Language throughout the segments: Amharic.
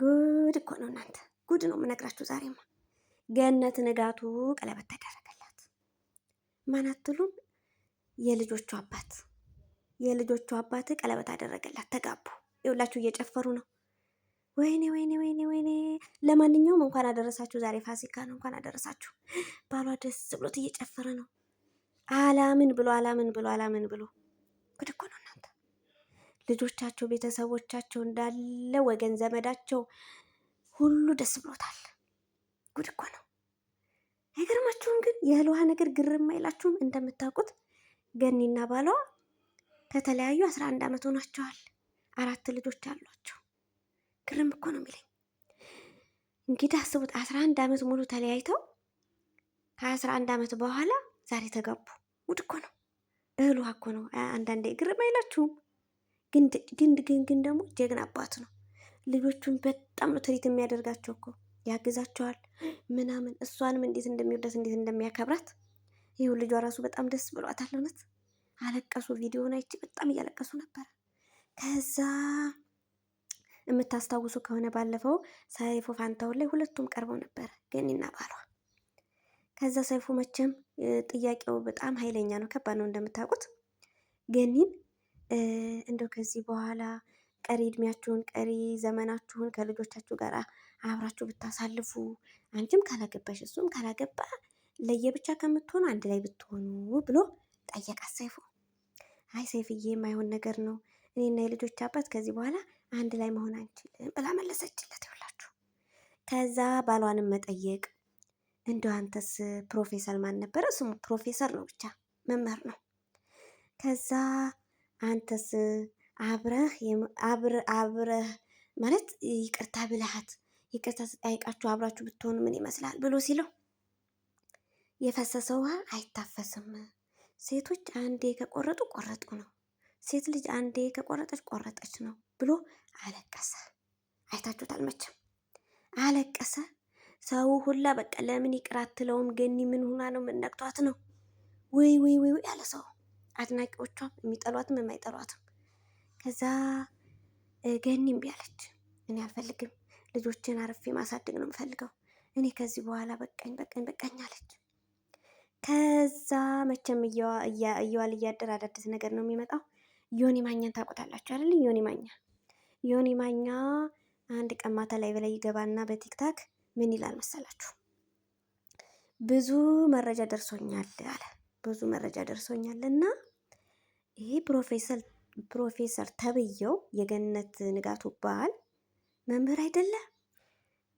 ጉድ እኮ ነው እናንተ፣ ጉድ ነው የምነግራችሁ ዛሬማ። ገነት ንጋቱ ቀለበት ተደረገላት። ማን አትሉም? የልጆቹ አባት የልጆቹ አባት ቀለበት አደረገላት፣ ተጋቡ። ይኸውላችሁ እየጨፈሩ ነው። ወይኔ ወይኔ ወይኔ ወይኔ! ለማንኛውም እንኳን አደረሳችሁ፣ ዛሬ ፋሲካ ነው። እንኳን አደረሳችሁ። ባሏ ደስ ብሎት እየጨፈረ ነው። አላምን ብሎ አላምን ብሎ አላምን ብሎ ጉድ እኮ ነው እናንተ። ልጆቻቸው፣ ቤተሰቦቻቸው እንዳለ ወገን ዘመዳቸው ሁሉ ደስ ብሎታል። ጉድ እኮ ነው። አይገርማችሁም? ግን የእህል ውሃ ነገር ግርም አይላችሁም? እንደምታውቁት ገኒና ባሏ ከተለያዩ አስራ አንድ ዓመት ሆኗቸዋል። አራት ልጆች አሏቸው። ግርም እኮ ነው የሚለኝ። እንግዲህ አስቡት አስራ አንድ ዓመት ሙሉ ተለያይተው ከአስራ አንድ ዓመት በኋላ ዛሬ ተጋቡ። ውድ እኮ ነው። እህል ውሃ እኮ ነው። አንዳንዴ ግርም አይላችሁም? ግን ግን ግን ደግሞ ጀግና አባት ነው። ልጆቹን በጣም ነው ትሪት የሚያደርጋቸው እኮ ያግዛቸዋል ምናምን። እሷንም እንዴት እንደሚወዳት እንዴት እንደሚያከብራት ይኸው ልጇ ራሱ በጣም ደስ ብሏታል። እውነት አለቀሱ። ቪዲዮውን አይቼ በጣም እያለቀሱ ነበረ። ከዛ የምታስታውሱ ከሆነ ባለፈው ሰይፉ ፋንታውን ላይ ሁለቱም ቀርበው ነበረ ገኒና ባሏ። ከዛ ሰይፉ መቼም ጥያቄው በጣም ኃይለኛ ነው፣ ከባድ ነው እንደምታውቁት ገኒን እንደው ከዚህ በኋላ ቀሪ እድሜያችሁን ቀሪ ዘመናችሁን ከልጆቻችሁ ጋር አብራችሁ ብታሳልፉ አንቺም ካላገባሽ እሱም ካላገባ ለየብቻ ከምትሆኑ አንድ ላይ ብትሆኑ ብሎ ጠየቃት ሰይፉ። አይ ሰይፍዬ፣ የማይሆን ነገር ነው እኔና የልጆች አባት ከዚህ በኋላ አንድ ላይ መሆን አንችልም ብላ መለሰችለት። ይውላችሁ ከዛ ባሏንም መጠየቅ እንደ አንተስ ፕሮፌሰር ማን ነበረ ስሙ? ፕሮፌሰር ነው ብቻ መምህር ነው። ከዛ አንተስ አብረህ አብረህ ማለት ይቅርታ ብልሃት ይቅርታ ስጠይቃችሁ አብራችሁ ብትሆኑ ምን ይመስላል ብሎ ሲለው የፈሰሰ ውሃ አይታፈስም። ሴቶች አንዴ ከቆረጡ ቆረጡ ነው፣ ሴት ልጅ አንዴ ከቆረጠች ቆረጠች ነው ብሎ አለቀሰ። አይታችሁት አልመችም አለቀሰ። ሰው ሁላ በቃ ለምን ይቅር አትለውም? ገኒ ምን ሆና ነው? ምን ነክቷት ነው? ውይ ውይ ውይ ያለ ሰው አድናቂዎቿም የሚጠሏትም የማይጠሏትም። ከዛ ገኒ እምቢ አለች። እኔ አልፈልግም፣ ልጆችን አርፌ ማሳደግ ነው የምፈልገው። እኔ ከዚህ በኋላ በቃኝ በቃኝ በቃኝ አለች። ከዛ መቼም እየዋል እያደር አዳዲስ ነገር ነው የሚመጣው። ዮኒ ማኛን ታውቁታላችሁ አይደል? ዮኒ ማኛ ዮኒ ማኛ አንድ ቀን ማታ ላይ በላይ ይገባና በቲክታክ ምን ይላል መሰላችሁ? ብዙ መረጃ ደርሶኛል አለ። ብዙ መረጃ ደርሶኛል እና ይሄ ፕሮፌሰር ፕሮፌሰር ተብየው የገነት ንጋቱ ባል መምህር አይደለ?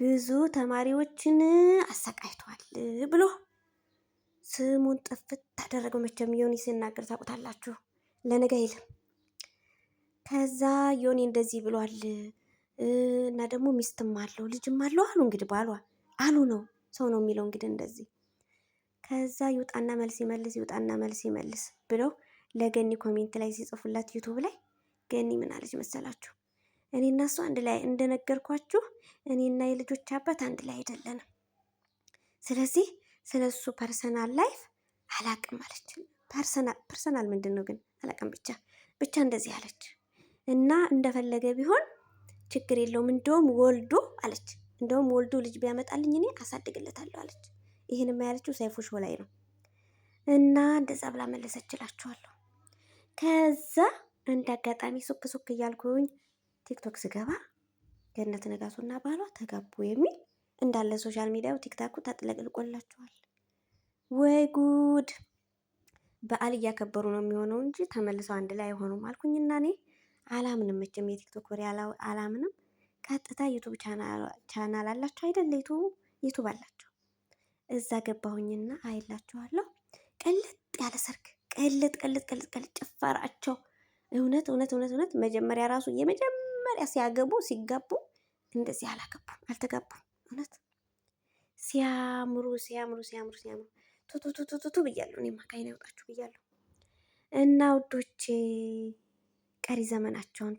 ብዙ ተማሪዎችን አሰቃይቷል ብሎ ስሙን ጥፍት ታደረገው። መቼም ዮኒ ሲናገር ታውቁታላችሁ፣ ለነገ ከዛ ዮኒ እንደዚህ ብሏል እና ደግሞ ሚስትም አለው ልጅም አለው አሉ። እንግዲህ ባሏ አሉ ነው ሰው ነው የሚለው እንግዲህ እንደዚህ። ከዛ ይውጣና መልስ ይመልስ፣ ይውጣና መልስ ይመልስ ብለው ለገኒ ኮሜንት ላይ ሲጽፉላት ዩቱብ ላይ ገኒ ምን አለች መሰላችሁ? እኔ እና እሱ አንድ ላይ እንደነገርኳችሁ እኔና የልጆች አባት አንድ ላይ አይደለንም። ስለዚህ ስለ እሱ ፐርሰናል ላይፍ አላቅም አለች። ፐርሰናል ፐርሰናል ምንድን ነው ግን አላቅም፣ ብቻ ብቻ እንደዚህ አለች እና እንደፈለገ ቢሆን ችግር የለውም እንደውም ወልዶ አለች እንደውም ወልዶ ልጅ ቢያመጣልኝ እኔ አሳድግለታለሁ አለች። ይህን ያለችው ሰይፉ ሾው ላይ ነው እና እንደዛ ብላ መለሰችላችኋለሁ። ከዛ እንደ አጋጣሚ ሱክ ሱክ እያልኩኝ ቲክቶክ ስገባ ገነት ንጋቱና ባሏ ተጋቡ የሚል እንዳለ ሶሻል ሚዲያው ቲክታኩ ተጥለቅልቆላቸዋል። ወይ ጉድ! በዓል እያከበሩ ነው የሚሆነው እንጂ ተመልሰው አንድ ላይ አይሆኑም አልኩኝና እኔ አላምንም መቼም የቲክቶክ ወሬ አላምንም። ቀጥታ ዩቱብ ቻናል አላቸው አይደል? ዩቱብ አላቸው። እዛ ገባሁኝና አይላችኋለሁ። ቅልጥ ያለ ሰርግ ቀልጥ ቀልጥ ቀልጥ ቀልጥ ጭፈራቸው እውነት እውነት እውነት እውነት መጀመሪያ ራሱ የመጀመሪያ ሲያገቡ ሲጋቡ እንደዚህ አላገቡም አልተጋቡም። እውነት ሲያምሩ ሲያምሩ ሲያምሩ ሲያምሩ ቱቱቱቱቱ ብያለሁ። እኔማ ከዓይን ያውጣችሁ ብያለሁ። እና ውዶቼ ቀሪ ዘመናቸውን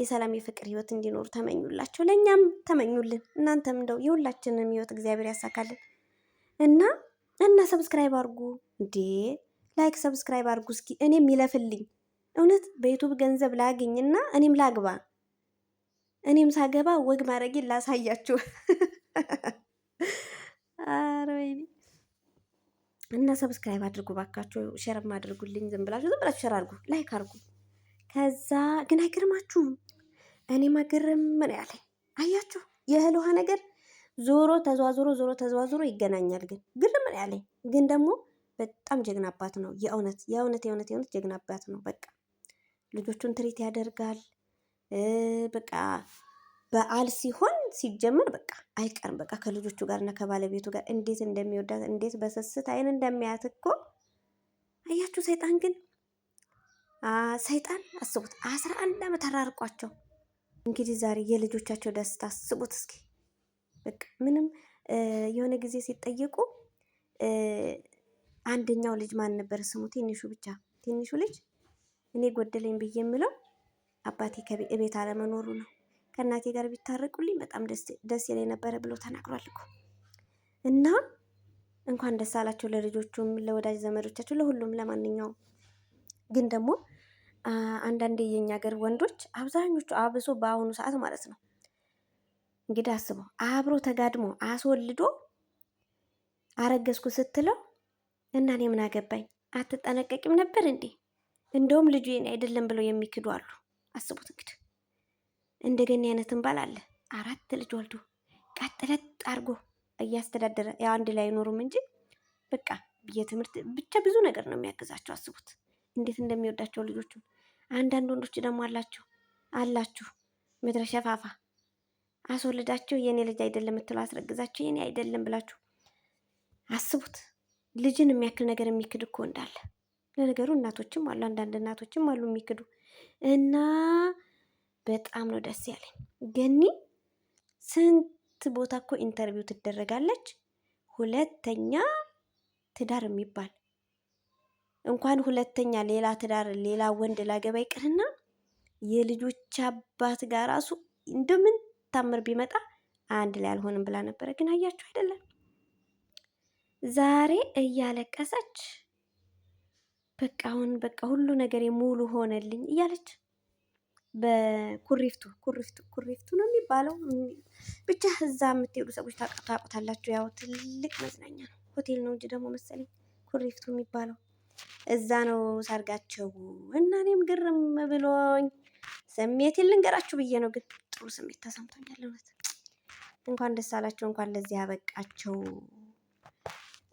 የሰላም የፍቅር ህይወት እንዲኖሩ ተመኙላቸው፣ ለእኛም ተመኙልን። እናንተም እንደው የሁላችንም ህይወት እግዚአብሔር ያሳካልን እና እና ሰብስክራይብ አድርጉ እንዴ ላይክ ሰብስክራይብ አድርጉ እስኪ እኔም ይለፍልኝ። እውነት በዩቱብ ገንዘብ ላግኝና እኔም ላግባ፣ እኔም ሳገባ ወግ ማድረጌን ላሳያችሁ። ኧረ ወይኔ እና ሰብስክራይብ አድርጉ ባካችሁ፣ ሸርም አድርጉልኝ። ዝም ብላችሁ ዝም ብላችሁ ሸር አድርጉ፣ ላይክ አድርጉ። ከዛ ግን አይገርማችሁም? እኔም አገርም ምን ያለኝ አያችሁ፣ የእህል ውሃ ነገር ዞሮ ተዘዋዝሮ ዞሮ ተዘዋዝሮ ይገናኛል። ግን ግርም ያለኝ ግን ደግሞ በጣም ጀግና አባት ነው። የእውነት የእውነት የእውነት የእውነት ጀግና አባት ነው። በቃ ልጆቹን ትሪት ያደርጋል። በቃ በዓል ሲሆን ሲጀመር በቃ አይቀርም። በቃ ከልጆቹ ጋር እና ከባለቤቱ ጋር እንዴት እንደሚወዳት እንዴት በስስት አይን እንደሚያያት እኮ አያችሁ። ሰይጣን ግን ሰይጣን አስቡት፣ አስራ አንድ ዓመት አራርቋቸው። እንግዲህ ዛሬ የልጆቻቸው ደስታ አስቡት እስኪ በቃ ምንም የሆነ ጊዜ ሲጠየቁ አንደኛው ልጅ ማን ነበር ስሙ? ትንሹ ብቻ ትንሹ ልጅ እኔ ጎደለኝ ብዬ የምለው አባቴ ከቤት አለመኖሩ ነው። ከእናቴ ጋር ቢታረቁልኝ በጣም ደስ ይለኝ ነበረ ብሎ ተናግሯል እኮ እና እንኳን ደስ አላቸው ለልጆቹም፣ ለወዳጅ ዘመዶቻቸው፣ ለሁሉም። ለማንኛውም ግን ደግሞ አንዳንዴ የኛ ሀገር ወንዶች አብዛኞቹ አብሶ በአሁኑ ሰዓት ማለት ነው እንግዲህ አስበው አብሮ ተጋድሞ አስወልዶ አረገዝኩ ስትለው እና እኔ ምን አገባኝ? አትጠነቀቂም ነበር እንዴ? እንደውም ልጁ የኔ አይደለም ብለው የሚክዱ አሉ። አስቡት እንግዲህ እንደገና አይነትን ባል አለ አራት ልጅ ወልዶ ቀጥለጥ አድርጎ እያስተዳደረ ያው አንድ ላይ አይኖሩም እንጂ በቃ የትምህርት ብቻ ብዙ ነገር ነው የሚያግዛቸው። አስቡት እንዴት እንደሚወዳቸው ልጆቹ። አንዳንድ ወንዶች ደግሞ አላችሁ አላችሁ ምድረ ሸፋፋ አስወልዳችሁ የእኔ ልጅ አይደለም የምትለው አስረግዛችሁ የእኔ አይደለም ብላችሁ አስቡት። ልጅን የሚያክል ነገር የሚክድ እኮ እንዳለ ለነገሩ እናቶችም አሉ፣ አንዳንድ እናቶችም አሉ የሚክዱ እና በጣም ነው ደስ ያለኝ። ገኒ ስንት ቦታ እኮ ኢንተርቪው ትደረጋለች። ሁለተኛ ትዳር የሚባል እንኳን ሁለተኛ ሌላ ትዳር ሌላ ወንድ ላገባ ይቅርና የልጆች አባት ጋር ራሱ እንደምን ታምር ቢመጣ አንድ ላይ አልሆንም ብላ ነበረ። ግን አያችሁ አይደለም ዛሬ እያለቀሰች በቃ አሁን በቃ ሁሉ ነገር ሙሉ ሆነልኝ እያለች በኩሪፍቱ ኩሪፍቱ ኩሪፍቱ ነው የሚባለው። ብቻ እዛ የምትሄዱ ሰዎች ታውቁታላችሁ። ያው ትልቅ መዝናኛ ነው፣ ሆቴል ነው እንጂ ደግሞ መሰለኝ ኩሪፍቱ የሚባለው እዛ ነው ሰርጋቸው። እና እኔም ግርም ብሎኝ ስሜት ልንገራችሁ ብዬ ነው፣ ግን ጥሩ ስሜት ተሰምቶኛል። እውነት እንኳን ደስ አላቸው፣ እንኳን ለዚህ ያበቃቸው።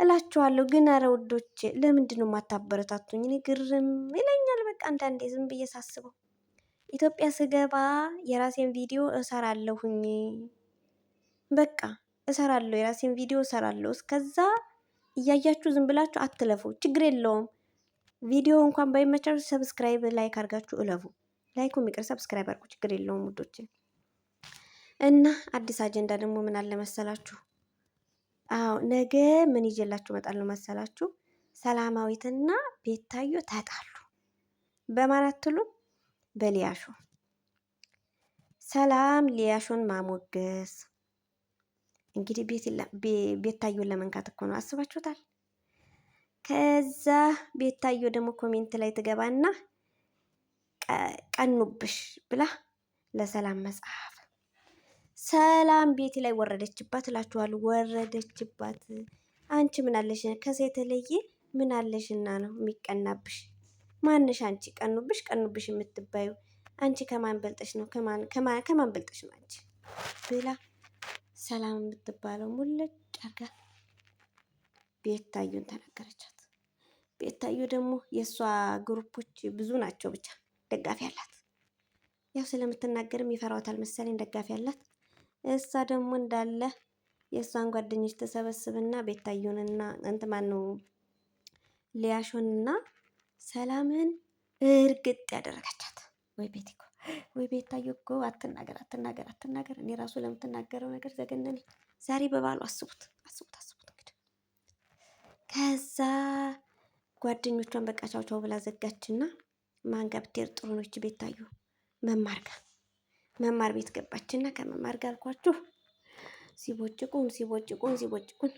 እላችኋለሁ። ግን አረ ውዶች ለምንድን ነው የማታበረታቱኝ? እኔ ግርም ይለኛል። በቃ አንዳንዴ ዝም ብዬ ሳስበው ኢትዮጵያ ስገባ የራሴን ቪዲዮ እሰራለሁኝ። በቃ እሰራለሁ፣ የራሴን ቪዲዮ እሰራለሁ። እስከዛ እያያችሁ ዝም ብላችሁ አትለፉ፣ ችግር የለውም። ቪዲዮ እንኳን ባይመቻችሁ ሰብስክራይብ፣ ላይክ አድርጋችሁ እለፉ። ላይኩ የሚቀር ሰብስክራይብ አድርጉ፣ ችግር የለውም ውዶቼ። እና አዲስ አጀንዳ ደግሞ ምን አለ መሰላችሁ አዎ ነገ ምን ይዤላችሁ እመጣለሁ መሰላችሁ? ሰላማዊትና ቤታዮ ተጣሉ። በማን አትሉም? በሊያሾ። ሰላም ሊያሾን ማሞገስ እንግዲህ ቤታዮን ለመንካት እኮ ነው። አስባችሁታል? ከዛ ቤታዮ ደግሞ ኮሜንት ላይ ትገባና ቀኑብሽ ብላ ለሰላም መጽሐፍ ሰላም ቤት ላይ ወረደችባት እላችኋል። ወረደችባት። አንቺ ምን አለሽ? ከዛ የተለየ ምን አለሽና ነው የሚቀናብሽ? ማንሽ አንቺ? ቀኑብሽ ቀኑብሽ የምትባዩ አንቺ ከማን በልጠሽ ነው? ከማን በልጠሽ ነው አንቺ ብላ ሰላም የምትባለው ሙለጭ አርጋ ቤታዩን ተናገረቻት። ቤታዩ ደግሞ የእሷ ግሩፖች ብዙ ናቸው፣ ብቻ ደጋፊ አላት። ያው ስለምትናገርም ይፈራዋታል መሰለኝ ደጋፊ አላት። እሷ ደግሞ እንዳለ የእሷን ጓደኞች ተሰበስብና ቤታየሁንና እንትን ማነው ሊያሾንና ሰላምን እርግጥ ያደረጋቻት። ወይ ቤት እኮ ወይ ቤታየ እኮ አትናገር፣ አትናገር፣ አትናገር። እኔ ራሱ ለምትናገረው ነገር ዘገነነኝ። ዛሬ በባሉ አስቡት፣ አስቡት፣ አስቡት። እንግዲህ ከዛ ጓደኞቿን በቃ ቻው ቻው ብላ ዘጋችና ማን ጋር ብትሄድ ጥሩ ነች ቤታየ መማር መማር ቤት ገባችና ከመማር ጋር አልኳችሁ ሲቦጭቁን ሲቦጭቁን ሲቦጭቁን